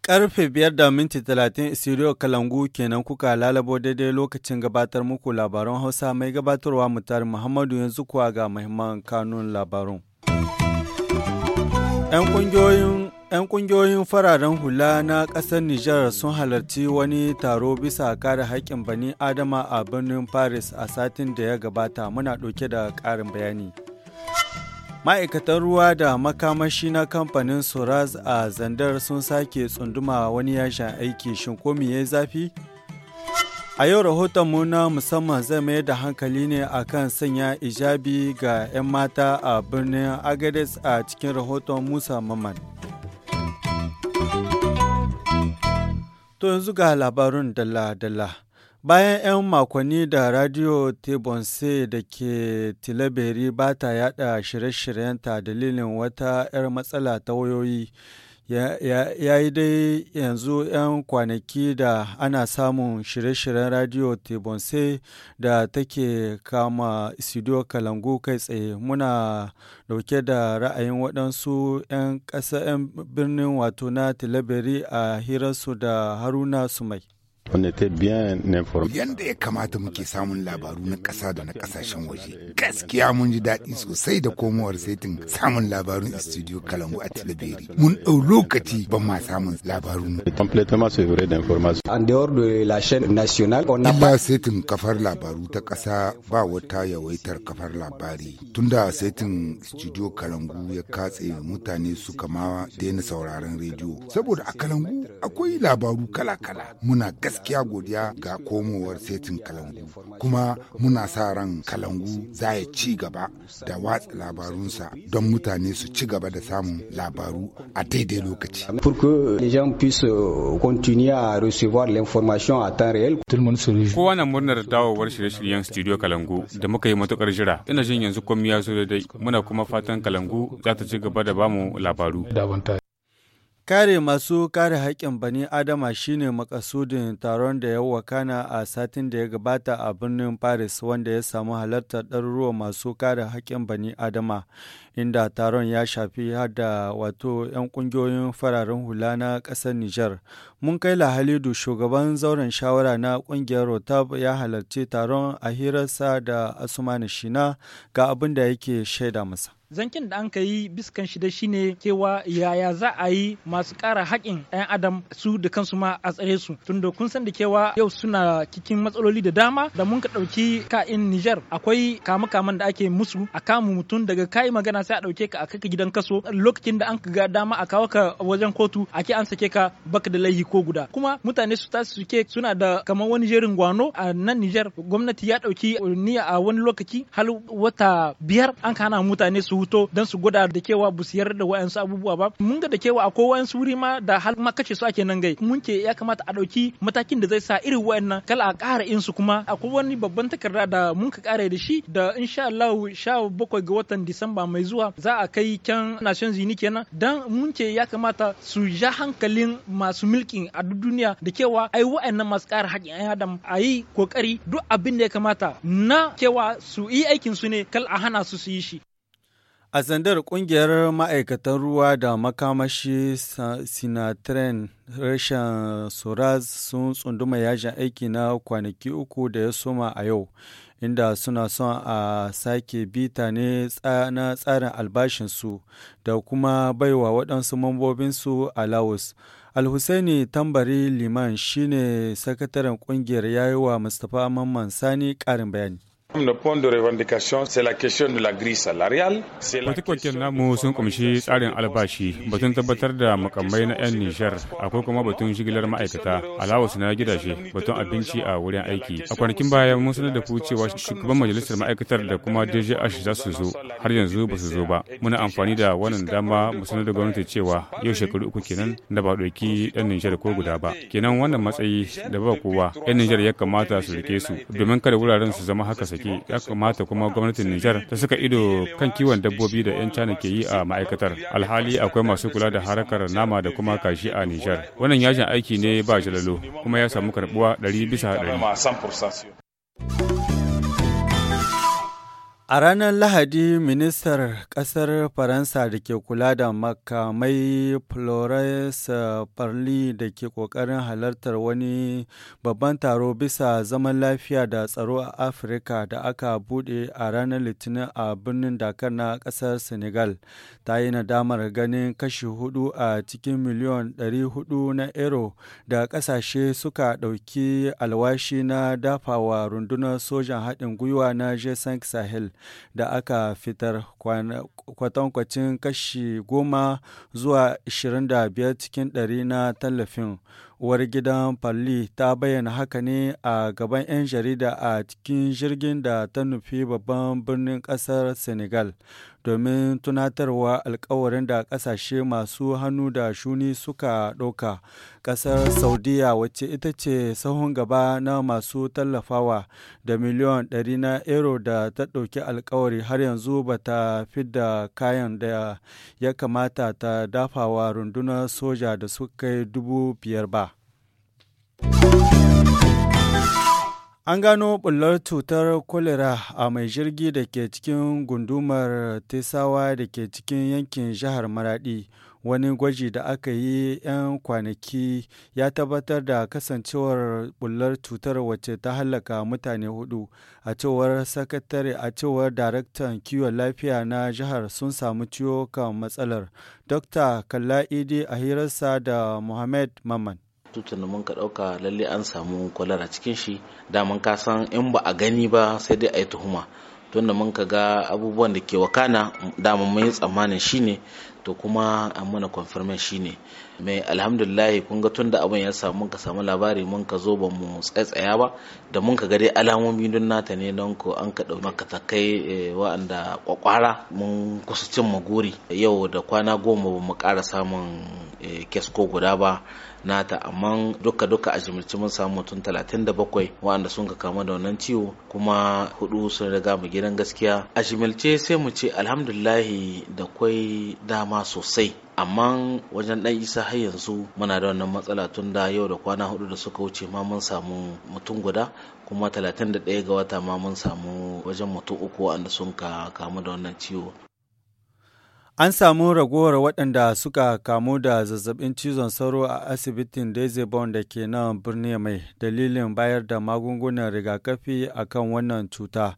Karfe biyar da minti talatin studio Kalangu kenan kuka lalabo daidai lokacin gabatar muku labaran Hausa mai gabatarwa mutar Muhammadu yanzu kuwa ga mahimman kanun labarun. 'Yan kungiyoyin 'Yan ƙungiyoyin fararen hula na ƙasar Nijar sun halarci wani taro bisa kare haƙƙin bani Adama a birnin Paris a satin da ya gabata muna ɗauke da ƙarin bayani. Ma'aikatan ruwa da makamashi na kamfanin Soraz a Zandar sun sake tsunduma wani yashin aiki shin ko zafi? A yau rahotonmu na musamman zai mayar da hankali ne a kan sanya ijabi ga 'yan mata a birnin Agades a cikin rahoton Musa Maman. To yanzu ga labarun dalla-dalla. Bayan 'yan makonni da Radio Tebonse da ke Tilaberi ba ta yada shirye-shiryenta dalilin wata 'yar matsala ta wayoyi. ya yi dai yanzu 'yan kwanaki da ana samun shirye-shiryen radio tebonse da take kama studio kalangu kai tsaye muna dauke da ra'ayin waɗansu 'yan ƙasa 'yan birnin wato na tilaberi a hirarsu da haruna sumai Yanda ya kamata muke samun labaru na ƙasa da na ƙasashen waje. Gaskiya mun ji daɗi sosai da komowar setin samun labarun studio Kalangu a Tilaberi. Mun ɗau lokaci ban ma samun labarun. ba setin kafar labaru ta ƙasa ba wata yawaitar kafar labari. Tunda setin studio Kalangu ya katse mutane suka ma daina sauraron rediyo. Saboda a Kalangu akwai labaru kala-kala. Muna gas gaskiya godiya ga komowar setin kalangu kuma muna sa ran kalangu za ya ci gaba da watsa labarunsa don mutane su ci gaba da samun labaru a daidai lokaci. Kowa na murnar dawowar shirye-shiryen Studio Kalangu da muka yi matukar jira. Ina jin yanzu komai ya zo daidai muna kuma fatan Kalangu za ta ci gaba da bamu labaru. Kare masu kare haƙƙin bani Adama shine makasudin taron da ya wakana a satin da ya gabata a birnin Paris wanda ya samu halartar ɗaruruwa masu kare haƙƙin bani Adama. inda taron ya shafi hada wato 'yan kungiyoyin fararen hula na kasar Nijar. Mun kai Halidu shugaban zauren shawara na kungiyar Rotab ya halarci taron a hirarsa da Asumani Shina ga abin da yake shaida masa. zankin da an yi biskan da shine cewa yaya za a yi masu kara haƙin 'yan adam su da kansu ma a tsare su tunda kun san da cewa yau suna cikin matsaloli da dama da mun ka ɗauki ka'in Nijar akwai kamukaman da ake musu a kamu mutum daga kai magana sai a ɗauke ka a kai ka gidan kaso lokacin da an ga dama a kawo ka wajen kotu a ke an sake ka baka da laihi ko guda kuma mutane su tasu suke suna da kamar wani jerin gwano a nan Nijar gwamnati ya ɗauki niyya a wani lokaci hal wata biyar an hana mutane su huto don su gwada da kewa bu siyar da wayansu abubuwa ba mun ga da kewa a kowa wayansu wuri ma da hal ma kace su ake nan gai mun ke ya kamata a ɗauki matakin da zai sa irin wayannan kala a ƙara in su kuma akwai wani babban takarda da mun ka ƙara da shi da insha Allah bakwai ga watan Disamba mai zuwa zuwa za a kai kyan Nations zini kenan dan mun ce ya kamata su ja hankalin masu mulkin a duniya da cewa ai wa'annan masu kare haƙƙin ɗan adam a yi kokari duk abin da ya kamata na cewa su yi aikin su ne kal a hana su su yi shi. A sandar kungiyar ma'aikatan ruwa da makamashi Sinatren rashin Soraz sun tsunduma yajin aiki na kwanaki uku da ya soma a yau. inda suna son a sake bita ne na tsarin albashinsu da kuma baiwa waɗansu mambobinsu a Laos. Alhussaini Tambari Liman shine sakataren kungiyar yayiwa Mustapha Mamman Sani ƙarin bayani. Kwatakwakiyar namu sun kumshi tsarin albashi, batun tabbatar da makamai na 'yan Nijar, akwai kuma batun shigilar ma'aikata, alawus na gidaje, batun abinci a wurin aiki. A kwanakin baya mun sanar da cewa shugaban majalisar ma'aikatar da kuma DJH za su zo, har yanzu ba su zo ba. Muna amfani da wannan dama mu sanar da gwamnati cewa yau shekaru uku kenan da ba ɗauki yan nishar ko guda ba. Kenan wannan matsayi da ba kowa, 'yan Nijar ya kamata su rike su domin kada wuraren su zama haka sake. yake ya kamata kuma gwamnatin Nijar ta saka ido kan kiwon dabbobi da 'yan China ke yi a ma'aikatar. Alhali akwai masu kula da harakar nama da kuma kashi a Nijar. Wannan yajin aiki ne ba jalalo kuma ya samu karbuwa 100 bisa 100. A ranar Lahadi, ministar ƙasar Faransa da ke kula da makamai Florence Parly da ke ƙoƙarin halartar wani babban taro bisa zaman lafiya da tsaro a Afirka da aka buɗe a ranar Litinin a birnin Dakar na ƙasar Senegal, ta yi nadamar ganin kashi hudu a cikin miliyon 400 na ero da ƙasashe suka ɗauki alwashi na dafawa rundunar sojan haɗin gwiwa na g Sahel. da aka fitar kwatankwacin kashi goma zuwa 25 cikin ɗari na tallafin. Uwar gidan palli ta bayyana haka ne a gaban 'yan jarida a cikin jirgin da ta nufi babban birnin ƙasar Senegal. domin tunatarwa alkawarin da ƙasashe masu hannu da shuni suka ɗauka. Ƙasar Saudiya wacce ita ce sahun gaba na masu tallafawa da miliyon 100 na euro da ta ɗauki alkawari har yanzu ba ta fidda kayan da ya kamata ta dafawa rundunar soja da suka kai dubu biyar ba. An gano bullar cutar kwalera a mai jirgi da ke cikin gundumar Tesawa da ke cikin yankin jihar Maradi. Wani gwaji da aka yi 'yan kwanaki ya tabbatar da kasancewar bullar cutar wacce ta hallaka mutane hudu. A cewar sakatare a cewar daraktan kiwon lafiya na jihar sun samu ciwo kan matsalar. Dr. Kalla Idi a hirarsa da Mohamed Maman. tutar da muka dauka lalle an samu kwalara cikin shi da mun ka san in ba a gani ba sai dai a yi tuhuma tunda mun ka ga abubuwan da ke wakana da mun yi tsammanin shine to kuma an mana confirmation shine mai alhamdulillahi kun ga tun da abin ya samu ka samu labari mun ka zo ba mu tsaitsaya ba da mun ka dai alamomi don nata ne don ko an ka ɗauki makatakai eh, wa'anda kwakwara mun kusa cin maguri yau da kwana goma ba mu ƙara samun kes eh, ko guda ba nata amma duka duka a jimirci mun samu mutum 37 wa'anda sun ka kama da wannan ciwo kuma hudu sun riga mu gidan gaskiya a jimilce sai mu ce alhamdulillahi da kwai dama girma sosai amma wajen ɗan isa har yanzu muna da wannan matsala tun da yau da kwana hudu da suka wuce ma mun samu mutum guda kuma 31 ga wata ma mun samu wajen mutum uku wanda sun kamu da wannan ciwo An samu ragowar waɗanda suka kamu da zazzabin cizon sauro a asibitin Dezebon da ke nan birni mai dalilin bayar da magungunan rigakafi a kan wannan cuta,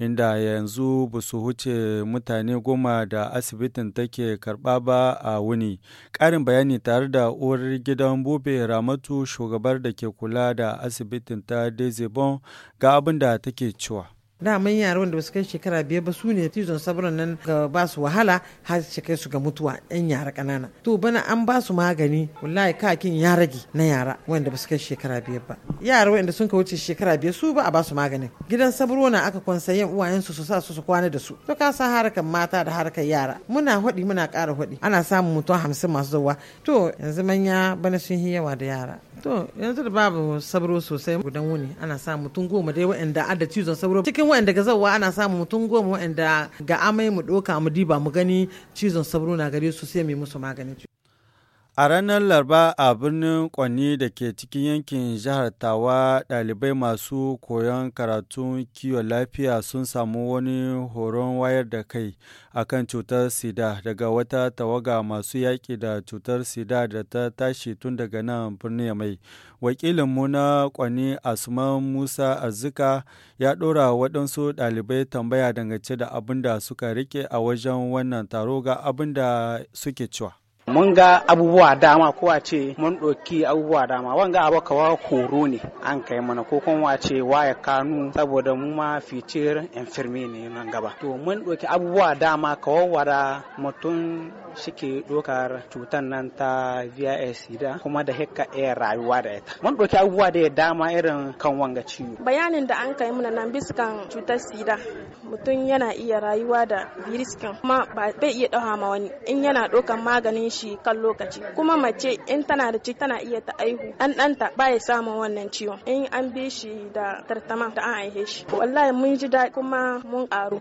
inda yanzu ba su huce mutane goma da asibitin take karɓa ba a wuni. Ƙarin bayani tare da uwar gidan Bube Ramatu shugabar da ke kula da asibitin ta Dezebon ga abin da take cewa. daman yara wanda basu kai shekara biyar ba su ne tizon sabron nan ga basu wahala har su kai su ga mutuwa yan yara kanana to bana an basu magani wallahi kakin ya rage na yara wanda basu kai shekara biyar ba yara wanda sun ka wuce shekara biyar su ba a ba su maganin gidan sabro na aka kwansa yan uwayen su su sa su su kwana da su to ka sa harkar mata da harkar yara muna hwaɗi muna kara hwaɗi ana samun mutum hamsin masu zawa to yanzu manya bana sun yi yawa da yara to yanzu da babu sabro sosai gudan wuni ana samu mutum goma dai wa'anda adda cizon sabro cikin waɗanda ga zawa ana samu mutum goma waɗanda ga amai mu doka mu diba mu gani cizon sabro na gare su sai mu musu magani A ranar Laraba a birnin Kwani da ke cikin yankin jihar Tawa ɗalibai masu koyon karatun kiwon lafiya sun samu wani horon wayar da kai akan cutar sida daga wata tawaga masu yaƙi da cutar sida da ta tashi tun daga nan birnin mai. Wakilin na Kwani Asman Musa Arzika ya ɗora waɗansu ɗalibai tambaya dangace da abin da suka rike a wajen wannan taro ga abin da suke cewa. mun ga abubuwa dama ko a ce mun ɗauki abubuwa dama wanga abu kawa horo ne an kai mana ko kuma a ce waya kanu saboda mu ma fitir infirmi ne nan gaba to mun ɗauki abubuwa dama kawawara mutum ke ɗaukar cutar nan ta vis sida kuma da hekka iya rayuwa da ita mun ɗauki abubuwa da ya dama irin kan wanga ciwo bayanin da an kai mana nan biskan cutar sida mutum yana iya rayuwa da biriskan kuma ba bai iya ɗauka ma wani in yana ɗaukan maganin shi shi kan lokaci kuma mace in tana da ciki tana iya ta aihu an ɗanta ba ya samun wannan ciwon in an bi shi da tartama da an aihe shi wallahi mun ji daɗi kuma mun ƙaru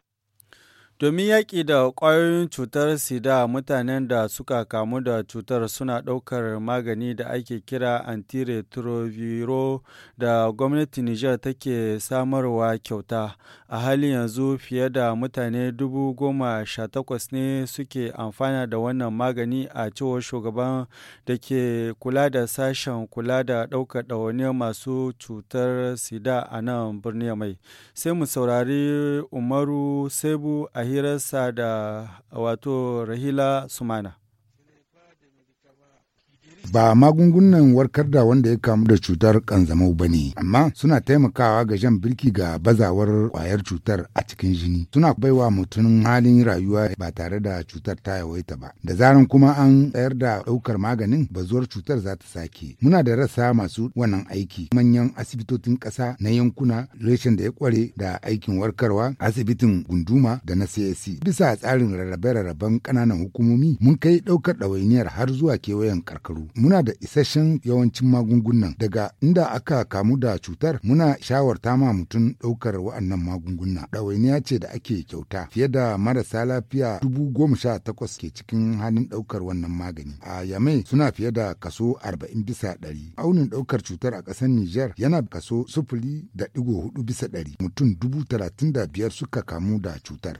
Domin yaƙi da ƙwayoyin cutar sida mutanen da suka kamu da cutar suna ɗaukar magani da ake kira antiretroviro da gwamnatin Nijar take samarwa kyauta. A halin yanzu fiye da mutane dubu goma sha takwas ne suke amfana da wannan magani a cewar shugaban da ke kula da sashen kula da ɗaukar ɗawani masu cutar sida a nan birni mai. Sai mu saurari Umaru Sebu a hirarsa da wato Rahila Sumana. ba magungunan warkar da wanda ya kamu da cutar kanzamau ba ne amma suna taimakawa ga jan birki ga bazawar kwayar cutar a cikin jini suna baiwa mutumin halin rayuwa ba tare da cutar ta yawaita ba da zaran kuma an tsayar da ɗaukar maganin bazuwar cutar za ta sake muna da rasa masu wannan aiki manyan asibitocin ƙasa na yankuna reshen da ya kware da aikin warkarwa asibitin gunduma da na csc bisa tsarin rarrabe-rarraben ƙananan hukumomi mun kai ɗaukar ɗawainiyar har zuwa kewayen karkaru muna da isasshen yawancin magungunan daga inda aka kamu da cutar muna shawarta ma mutum ɗaukar wa'annan magunguna ɗawainiya ce da ake kyauta fiye da marasa lafiya dubu goma sha takwas ke cikin halin ɗaukar wannan magani a yamai suna fiye da kaso arba'in bisa ɗari aunin ɗaukar cutar a ƙasar niger yana kaso sufuri da ɗigo hudu bisa ɗari mutum dubu talatin da biyar suka kamu da cutar.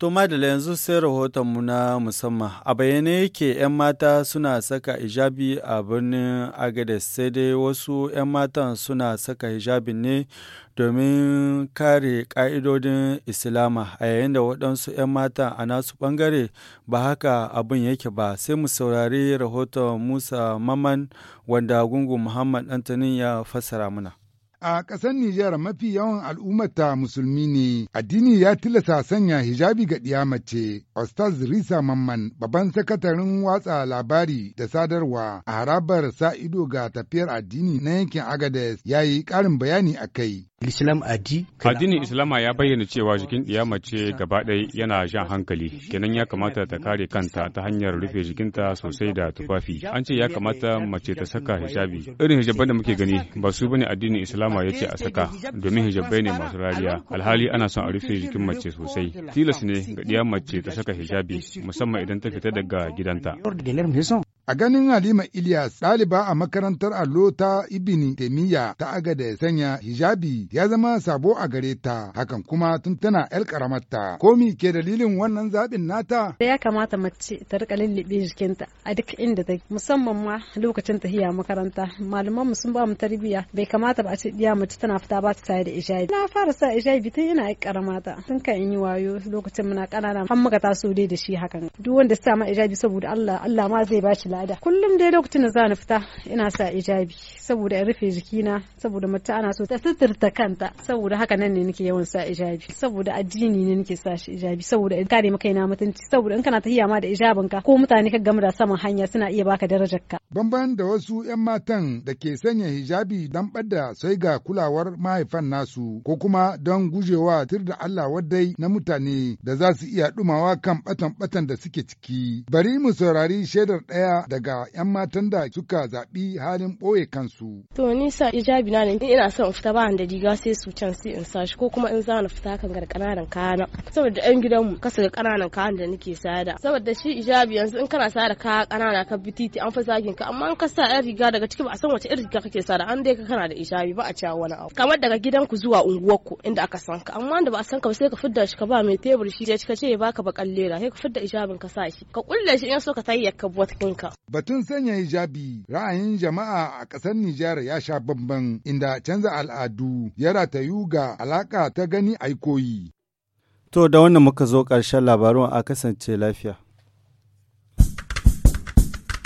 To Madala yanzu sai rahotonmu na musamman. A bayyane yake 'yan mata suna saka hijabi a birnin Agadez sai dai wasu 'yan matan suna saka hijabi ne domin kare ƙa'idodin Islama a yayin da waɗansu 'yan mata a nasu ɓangare ba haka abin yake ba sai mu saurari rahoton Musa Maman wanda gungun Muhammad ɗantanin ya fassara mana. A ƙasar Nijar mafi yawan al'ummata musulmi ne, addini ya tilasta sanya hijabi ga ɗiya mace, Ostaz Risa Mamman, babban sakataren watsa labari da sadarwa a harabar sa ido ga tafiyar addini na yankin Agades ya yi ƙarin bayani a kai. addinin Islama ya bayyana cewa jikin ɗiya mace gaba ɗaya yana jan hankali kenan ya kamata ta kare kanta ta hanyar rufe jikinta sosai da tufafi an ce ya kamata mace ta saka hijabi irin hijaban da muke gani ba su bane addinin Islam alama ya ce a saka domin hijabai ne masu rariya alhali ana son a rufe jikin mace sosai tilas ne ga ɗiya mace ta saka hijabi musamman idan ta fita daga gidanta A ganin Halima Ilyas ɗaliba a makarantar allo ta Ibini Temiya ta aga da sanya hijabi ya zama sabo a gare ta hakan kuma tun tana ƴar karamarta. Komi ke dalilin wannan zaɓin nata? Ya kamata mace ta rika lullube jikinta a duk inda ta musamman ma lokacin tahiya makaranta malaman mu sun ba mu tarbiyya bai kamata ba a ce ɗiya mace tana fita ba ta tare da hijabi. Na fara sa ijabi tun yana ‘yar karamata tun kan in yi wayo lokacin muna ƙanana har muka taso dai da shi hakan. Duk wanda sa ma hijabi saboda Allah Allah ma zai ba shi lafiya. al'ada kullum dai lokacin da za ni fita ina sa ijabi saboda in rufe jikina saboda mace ana so ta suturta kanta saboda haka nan ne nake yawan sa ijabi saboda addini ne nake sa shi ijabi saboda in kare maka ina mutunci saboda in kana tahiya ma da ijabinka ko mutane ka gamu da saman hanya suna iya baka darajar ka bamban da wasu 'yan matan da ke sanya hijabi dan bada sai ga kulawar mahaifan nasu ko kuma don gujewa tir da Allah wadai na mutane da za su iya dumawa kan batan batan da suke ciki. Bari mu saurari shaidar ɗaya daga 'yan matan da suka zaɓi halin ɓoye kansu. To sa ijabi na ne ina son fita ba da riga sai su can sai in sashi ko kuma in zana fita kan gar kaya kayana saboda 'yan gidanmu kasa ga kananan kayan da nake sada saboda shi ijabi yanzu in kana sada kaya kanana ka bi titi an fi zagin ka amma in ka sa 'yan riga daga ciki ba a san wace 'yan riga kake sada an dai ka kana da ijabi ba a cewa wani abu kamar daga ku zuwa unguwarku inda aka san ka amma da ba a san ka ba sai ka fidda shi ka ba mai tebur shi ya ka ce ya baka bakan lera sai ka fidda ijabin ka sa shi ka kulle shi in so ka tayyaka botkin ka Batun sanya hijabi ra'ayin jama'a a ƙasar Nijar ya sha bambam, inda canza al'adu ya ratayu ga alaƙa ta gani aikoyi. To da wannan muka zo ƙarshen labarun a kasance lafiya.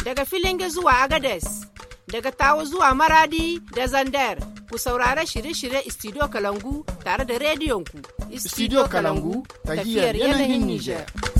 Daga filin zuwa Agades, daga Tawo zuwa Maradi da Zandar, ku saurara shirye-shirye Studio Kalangu tare da rediyonku. Studio Kalangu, tafiyar yanayin Nijar.